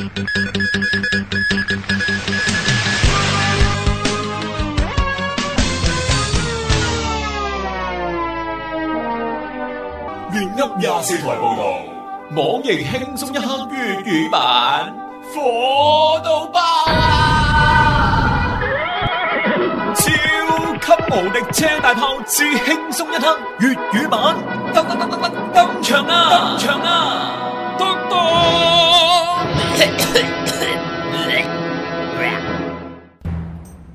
粵音廿四台報道，網易輕鬆一刻粵語版，火到爆啊！ 超級無敵車大炮，至輕鬆一刻粵語版，登登登登登登場啊！登場啊！登登。 呃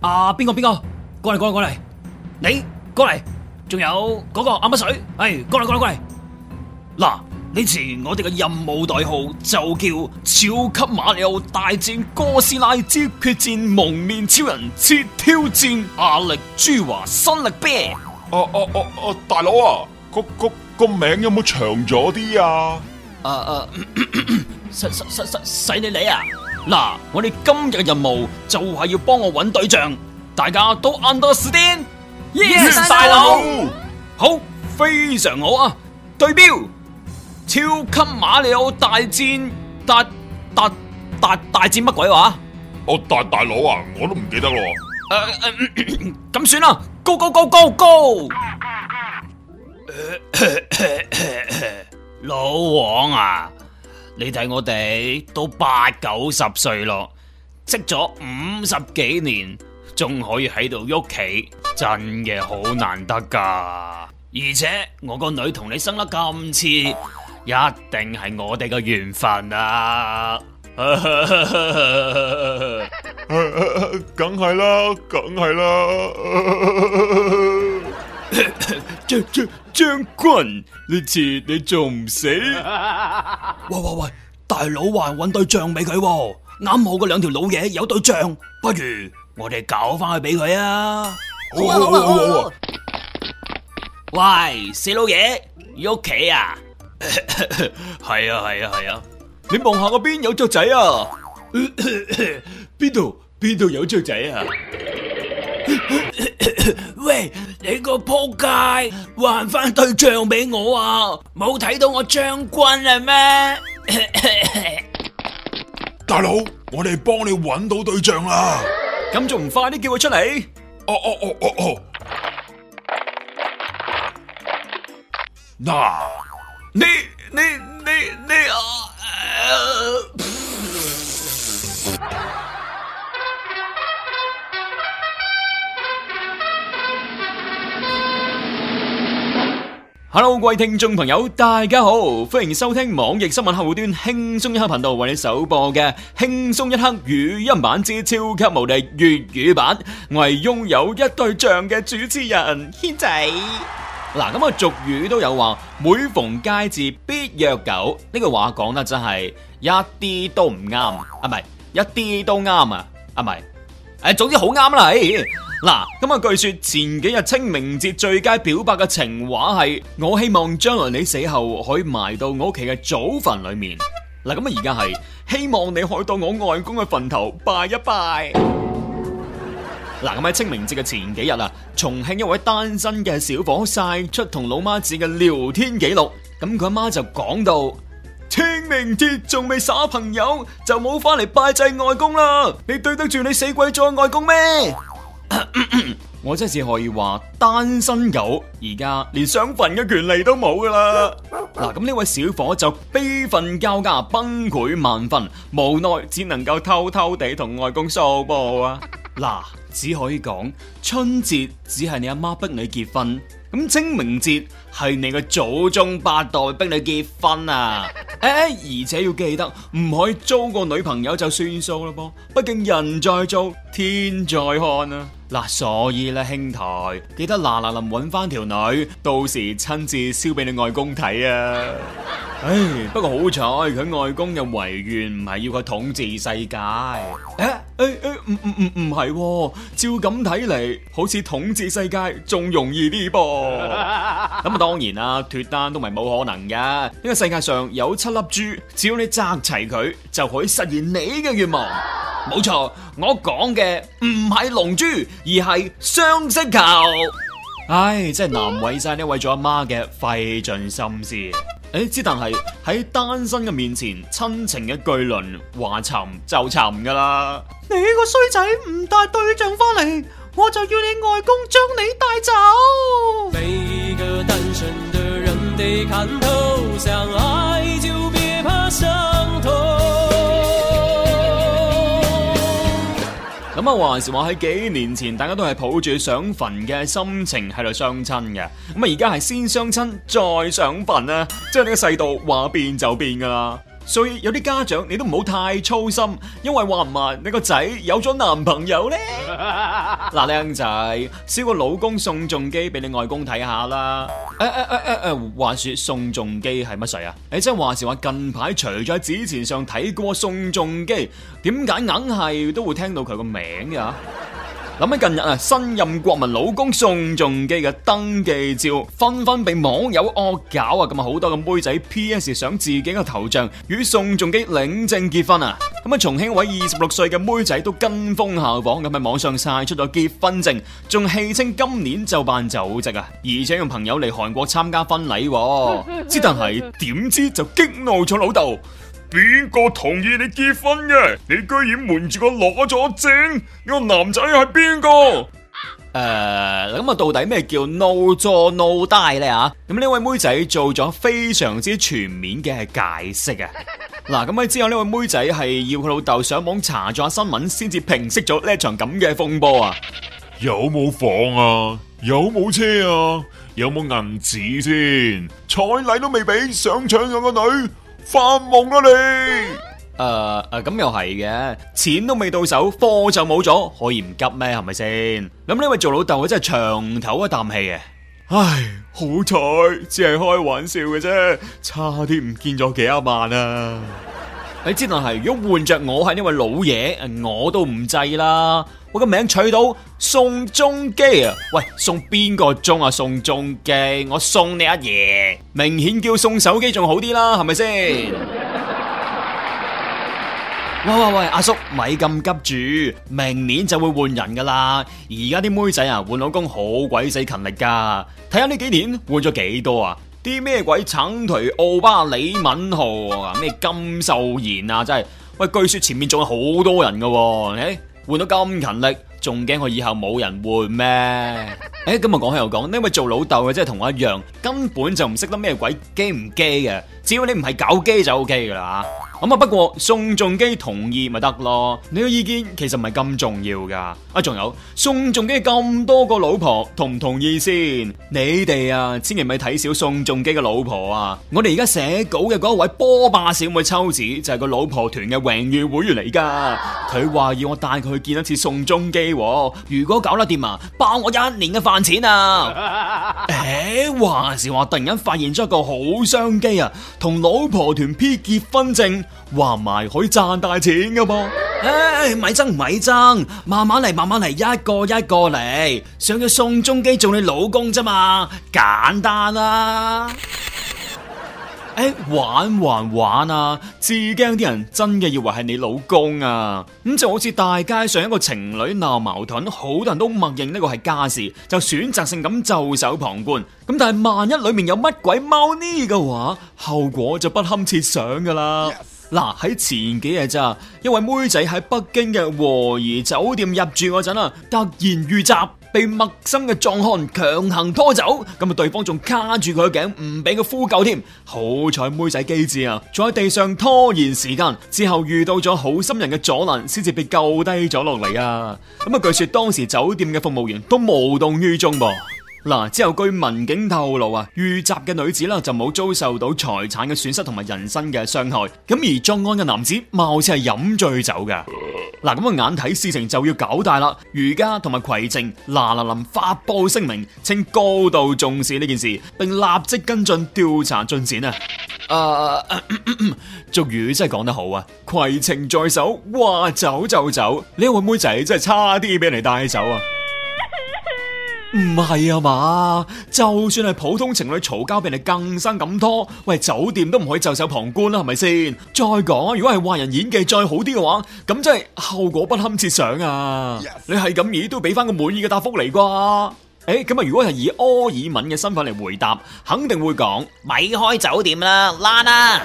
呃、啊！邊個邊個過嚟過嚟過嚟，你過嚟，仲有嗰個阿乜水，哎過嚟過嚟過嚟。嗱，呢次我哋嘅任務代號就叫超級馬里奧大戰哥斯拉之決戰蒙面超人切挑戰壓力珠華新力啤，啊。哦哦哦哦，大佬啊，個個個名有冇長咗啲啊？誒誒、uh, uh, 使使使使使你理啊！嗱，我哋今日任務就係要幫我搵對象，大家都 understand？Yes，大佬，好，非常好啊！對標，超級馬里奧大戰，大大大大，戰、啊 oh, 大大大大戰乜鬼話？我大大佬啊，我都唔記得咯。咁、uh, uh, 算啦，Go Go Go Go Go！ 老王啊，你睇我哋都八九十歲咯，識咗五十幾年，仲可以喺度喐企，真嘅好難得㗎。而且我個女同你生得咁似，一定係我哋嘅緣分啊！梗係啦，梗係啦。 將將軍，呢次你仲唔死？喂喂喂，大佬還揾對象俾佢，啱好嗰兩條老嘢有對象，不如我哋搞翻去俾佢啊！好啊好啊好！喂，死老爺，你屋企啊？係啊係啊係啊！你望下嗰邊有雀仔啊？邊度邊度有雀仔啊？喂，你個撲街，還返對象俾我啊！冇睇到我將軍啦咩？大佬，我哋幫你搵到對象啦！咁仲唔快啲叫佢出嚟？哦哦哦哦哦！嗱，你你你你啊！hello，各位聽眾朋友，大家好，歡迎收聽網易新聞客戶端輕鬆一刻頻道為你首播嘅輕鬆一刻語音版之超級無敵粵語版。我係擁有一對象嘅主持人軒仔。嗱，咁啊，俗語都有話，每逢佳節必虐狗，呢句話講得真係一啲都唔啱，啊，咪？一啲都啱啊，啊，咪？誒，總之好啱啦，係嗱，咁啊，據說前幾日清明節最佳表白嘅情話係，我希望將來你死後可以埋到我屋企嘅祖墳裏面。嗱，咁啊，而家係希望你去到我外公嘅墳頭拜一拜。嗱，咁 喺清明節嘅前幾日啊，重慶一位單身嘅小伙晒出同老媽子嘅聊天記錄，咁佢阿媽就講到。清明節仲未耍朋友就冇翻嚟拜祭外公啦！你對得住你死鬼再外公咩？ 我真係只可以話單身狗，而家連上墳嘅權利都冇噶啦！嗱、 啊，咁呢位小伙就悲憤交加、崩潰萬分，無奈只能夠偷偷地同外公掃墓啊！嗱、啊，只可以講春節只係你阿媽逼你結婚。咁清明節係你個祖宗八代逼你結婚啊！誒，而且要記得唔可以租個女朋友就算數咯噃，畢竟人在做天在看啊！嗱，所以咧，兄台記得嗱嗱臨搵翻條女，到時親自燒俾你外公睇啊！唉，不過好彩佢外公嘅遺願唔係要佢統治世界誒。誒誒，唔唔唔唔係，照咁睇嚟，好似統治世界仲容易啲噃。咁、嗯、啊，當然啦，脫單都咪冇可能噶。呢個世界上有七粒珠，只要你集齊佢，就可以實現你嘅願望。冇錯，我講嘅唔係龍珠，而係雙色球。唉，真係難為晒呢位為咗阿媽嘅費盡心思。誒，之但係喺單身嘅面前，親情嘅巨輪話沉就沉噶啦。你個衰仔唔帶對象翻嚟，我就要你外公將你帶走。每一個單身嘅人得看透，想愛就別怕傷。咁啊，還是話喺幾年前，大家都係抱住上墳嘅心情喺度相親嘅。咁啊，而家係先相親再上墳啊，即係呢個世道話變就變噶啦。所以有啲家長你都唔好太操心，因為話唔埋你個仔有咗男朋友咧。嗱、 啊，靚仔，燒個老公宋仲基俾你外公睇下啦。誒誒誒誒誒，話説宋仲基係乜水啊？你、欸、即係話時話近排除咗喺紙錢上睇過宋仲基，點解硬係都會聽到佢個名嘅？諗起近日啊，新任國民老公宋仲基嘅登記照紛紛被網友惡搞啊！咁啊，好多嘅妹仔 PS 上自己嘅頭像，與宋仲基領證結婚啊！咁、嗯、啊，重慶一位二十六歲嘅妹仔都跟風效仿，咁喺網上晒出咗結婚證，仲戲稱今年就辦酒席啊，而且用朋友嚟韓國參加婚禮。之 但係點知就激怒咗老豆。邊個同意你結婚嘅？你居然瞞住我攞咗證，呢、這個男仔係邊個？誒、呃，咁啊，到底咩叫 no zuo no die 咧？吓，咁呢位妹仔做咗非常之全面嘅解釋 啊！嗱，咁啊之後呢位妹仔係要佢老豆上網查咗下新聞，先至平息咗呢一場咁嘅風波啊！有冇房啊？有冇車啊？有冇銀紙先？彩禮都未俾，想搶我個女？發夢啦你、呃！誒、呃、誒、咁、嗯、又係嘅，錢都未到手，貨就冇咗，可以唔急咩？係咪先？咁呢位做老豆，我真係長唞一啖氣嘅。唉，好彩只係開玩笑嘅啫，差啲唔見咗幾廿萬啊！你知道係，如果換着我係呢位老爺，我都唔制啦。我個名取到宋仲基啊！喂，送邊個鐘啊？宋仲基，我送你阿爺，明顯叫送手機仲好啲啦，係咪先？ 喂喂喂，阿叔，咪咁急住，明年就會換人噶啦。而家啲妹仔啊，換老公好鬼死勤力噶，睇下呢幾年換咗幾多啊！啲咩鬼長腿奧巴李敏浩啊咩金秀賢，啊真係喂，據說前面仲有好多人噶，誒換到咁勤力，仲驚我以後冇人換咩？誒、欸、今日講起又講，你咪做老豆嘅真係同我一樣，根本就唔識得咩鬼機唔機嘅，只要你唔係搞機就 OK 噶啦咁啊、嗯！不過宋仲基同意咪得咯？你個意見其實唔係咁重要噶。啊，仲有宋仲基咁多個老婆同唔同意先？你哋啊，千祈咪睇小宋仲基嘅老婆啊！我哋而家寫稿嘅嗰位波霸小妹秋子就係、是、個老婆團嘅榮譽會員嚟噶。佢話要我帶佢去見一次宋仲基，哦，如果搞得掂啊，包我一年嘅飯錢啊！誒、 欸，話時話突然間發現咗一個好商機啊，同老婆團 P 結婚證。話唔埋可以賺大錢噶噃，誒、欸，咪爭唔咪爭，慢慢嚟，慢慢嚟，一個一個嚟，想咗宋仲基做你老公啫嘛，簡單啦。誒、 欸，玩還玩啊，至驚啲人真嘅以為係你老公啊，咁就好似大街上一個情侶鬧矛盾，好多人都默認呢個係家事，就選擇性咁袖手旁觀。咁但係萬一裏面有乜鬼貓膩嘅話，後果就不堪設想噶啦。Yes. 嗱喺、啊、前幾日咋，一位妹仔喺北京嘅和頤酒店入住嗰陣啊，突然遇襲，被陌生嘅壯漢強行拖走，咁啊，對方仲卡住佢嘅頸，唔俾佢呼救添。好彩妹仔機智啊，喺地上拖延時間，之後遇到咗好心人嘅阻攔，先至被救低咗落嚟啊。咁、嗯、啊，據說當時酒店嘅服務員都無動於衷噃、啊。嗱，之後據民警透露啊，遇襲嘅女子啦就冇遭受到財產嘅損失同埋人身嘅傷害，咁而作案嘅男子貌似係飲醉酒噶。嗱、呃，咁啊眼睇事情就要搞大啦，如家同埋攜程嗱嗱臨發佈聲明，稱高度重視呢件事，並立即跟進調查進展啊。誒、呃呃，俗語真係講得好啊，攜程在手，哇，走就走，呢、這、位、個、妹仔真係差啲俾人嚟帶走啊！唔係啊嘛，就算係普通情侶嘈交，比你更生咁多，喂酒店都唔可以袖手旁觀啦，係咪先？再講，如果係壞人演技再好啲嘅話，咁真係後果不堪設想啊！Yes. 你係咁亦都俾翻個滿意嘅答復嚟啩？誒、欸，咁啊，如果係以柯爾敏嘅身份嚟回答，肯定會講咪開酒店啦，爛啦、啊！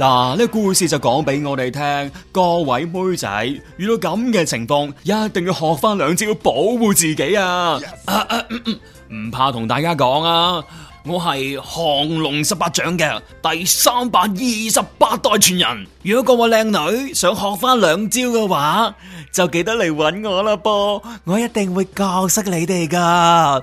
嗱，呢個故事就講俾我哋聽，各位妹仔遇到咁嘅情況，一定要學翻兩招保護自己啊！唔 Yes.、啊啊嗯嗯、怕同大家講啊，我係降龍十八掌嘅第三百二十八代傳人。如果各位靚女想學翻兩招嘅話，就記得嚟搵我啦噃，我一定會教識你哋噶。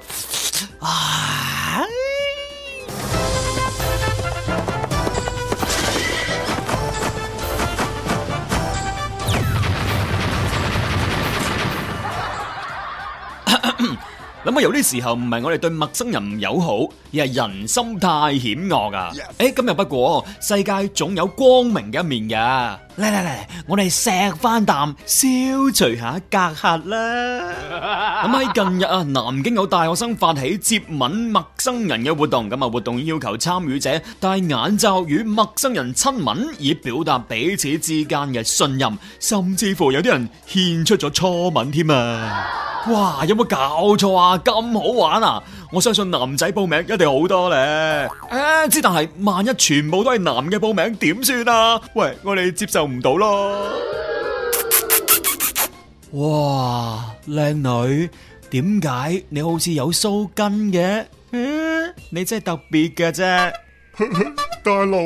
諗下，有啲時候唔係我哋對陌生人唔友好。係人心太險惡啊！誒，今日不過世界總有光明嘅一面嘅。嚟嚟嚟，我哋錫翻啖，消除下隔閡啦。咁喺近日啊，南京有大學生發起接吻陌生人嘅活動。咁啊，活動要求參與者戴眼罩與陌生人親吻，以表達彼此之間嘅信任。甚至乎有啲人獻出咗初吻添啊！哇，有冇搞錯啊？咁好玩啊！我相信男仔報名一定好多咧，誒、啊，之但係萬一全部都係男嘅報名點算啊？喂，我哋接受唔到咯。哇，靚女，點解你好似有鬚根嘅，啊？你真係特別嘅啫。 大佬，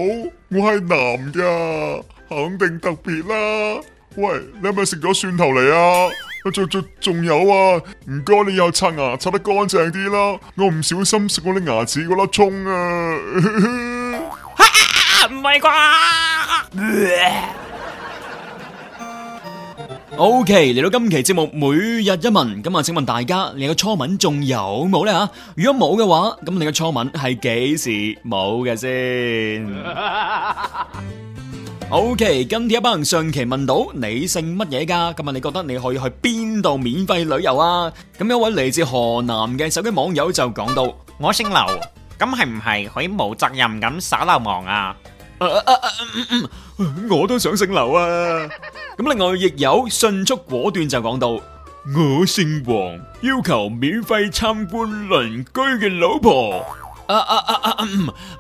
我係男噶，肯定特別啦。喂，你係咪食咗蒜頭嚟啊？仲仲有啊！唔該，你又刷牙刷得乾淨啲啦。我唔小心食我啲牙齒嗰粒蔥啊！唔係啩？O K，嚟到今期節目每日一問，咁啊，請問大家你個初吻仲有冇咧？吓，如果冇嘅話，咁你個初吻係幾時冇嘅先？ O K，今日一班人，上期問到你姓乜嘢噶？今日你覺得你可以去邊度免費旅遊啊？咁一位嚟自河南嘅手機網友就講到：我姓劉，咁係唔係可以無責任咁耍流氓啊？我都想姓劉啊！咁另外亦有迅速果斷就講到：我姓王，要求免費參觀鄰居嘅老婆。啊啊啊啊！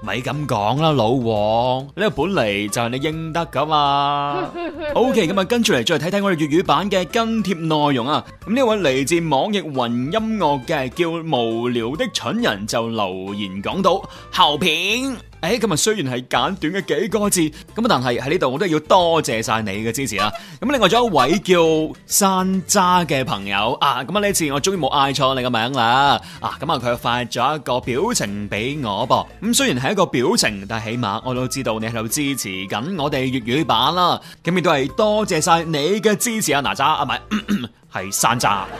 咪咁講啦，老王，呢個本嚟就係你應得㗎嘛。 OK，咁啊，跟住嚟再嚟睇睇我哋粵語版嘅跟帖內容啊。咁、嗯、呢位嚟自網易雲音樂嘅叫無聊的蠢人就留言講到：好片。」誒，咁啊雖然係簡短嘅幾個字，咁啊但係喺呢度我都係要多謝晒你嘅支持啦、啊。咁另外仲有一位叫山渣嘅朋友啊，咁啊呢次我終於冇嗌錯你個名啦。啊，咁啊佢發咗一個表情俾我噃。咁雖然係一個表情，但係起碼我都知道你喺度支持緊我哋粵語版啦。咁亦都係多謝晒你嘅支持啊，哪、呃、渣，啊唔係山渣。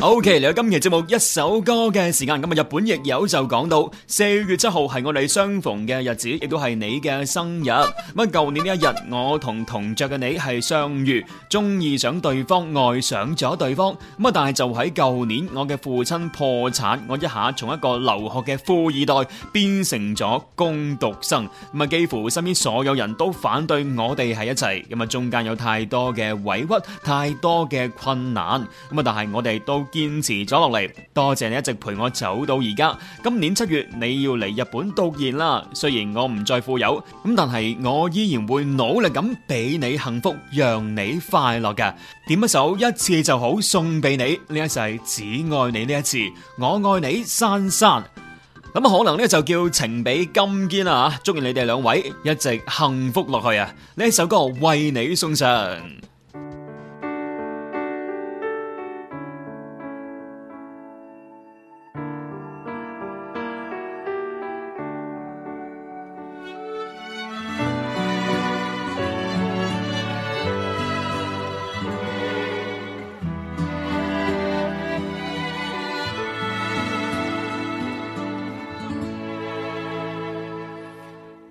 Ok，嚟到今日節目一首歌嘅時間，咁啊日本亦有就講到四月七號係我哋相逢嘅日子，亦都係你嘅生日。咁啊，舊年呢一日，我同同桌嘅你係相遇，中意上對方，愛上咗對方。咁啊，但係就喺舊年，我嘅父親破產，我一下從一個留學嘅富二代變成咗工讀生。咁啊，幾乎身邊所有人都反對我哋喺一齊，咁啊，中間有太多嘅委屈，太多嘅困難。咁啊，但係我哋都。堅持咗落嚟，多謝你一直陪我走到而家。今年七月你要嚟日本讀研啦，雖然我唔再富有，咁但係我依然會努力咁俾你幸福，讓你快樂㗎。點一首一次就好送俾你，呢一世只愛你呢一次，我愛你，珊珊。咁可能呢就叫情比金堅啦吓，祝願你哋兩位一直幸福落去啊！呢一首歌為你送上。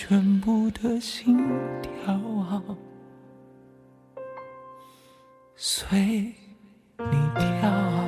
全部的心跳啊，隨你跳啊。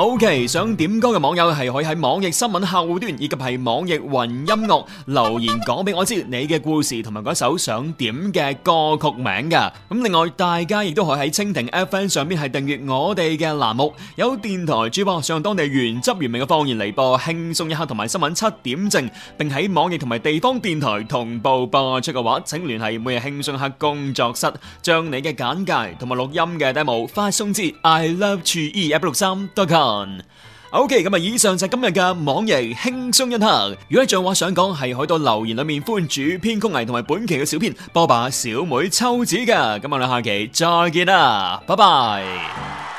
O.K. 想點歌嘅網友係可以喺網易新聞客戶端以及係網易雲音樂留言講俾我知你嘅故事同埋嗰一首想點嘅歌曲名嘅。咁另外大家亦都可以喺蜻蜓 FM 上邊係訂閱我哋嘅欄目，有電台主播上當地原汁原味嘅方言嚟，播輕鬆一刻同埋新聞七點正，並喺網易同埋地方電台同步播出嘅話，請聯繫每日輕鬆一刻工作室，將你嘅簡介同埋錄音嘅 demo 發送至 iLoveTV163.com。O K，咁啊，okay，以上就係今日嘅網易輕鬆一刻。如果像話想講，係喺度留言裏面歡主編曲藝同埋本期嘅小編波把小妹秋子嘅。咁我哋下期再見啦，拜拜。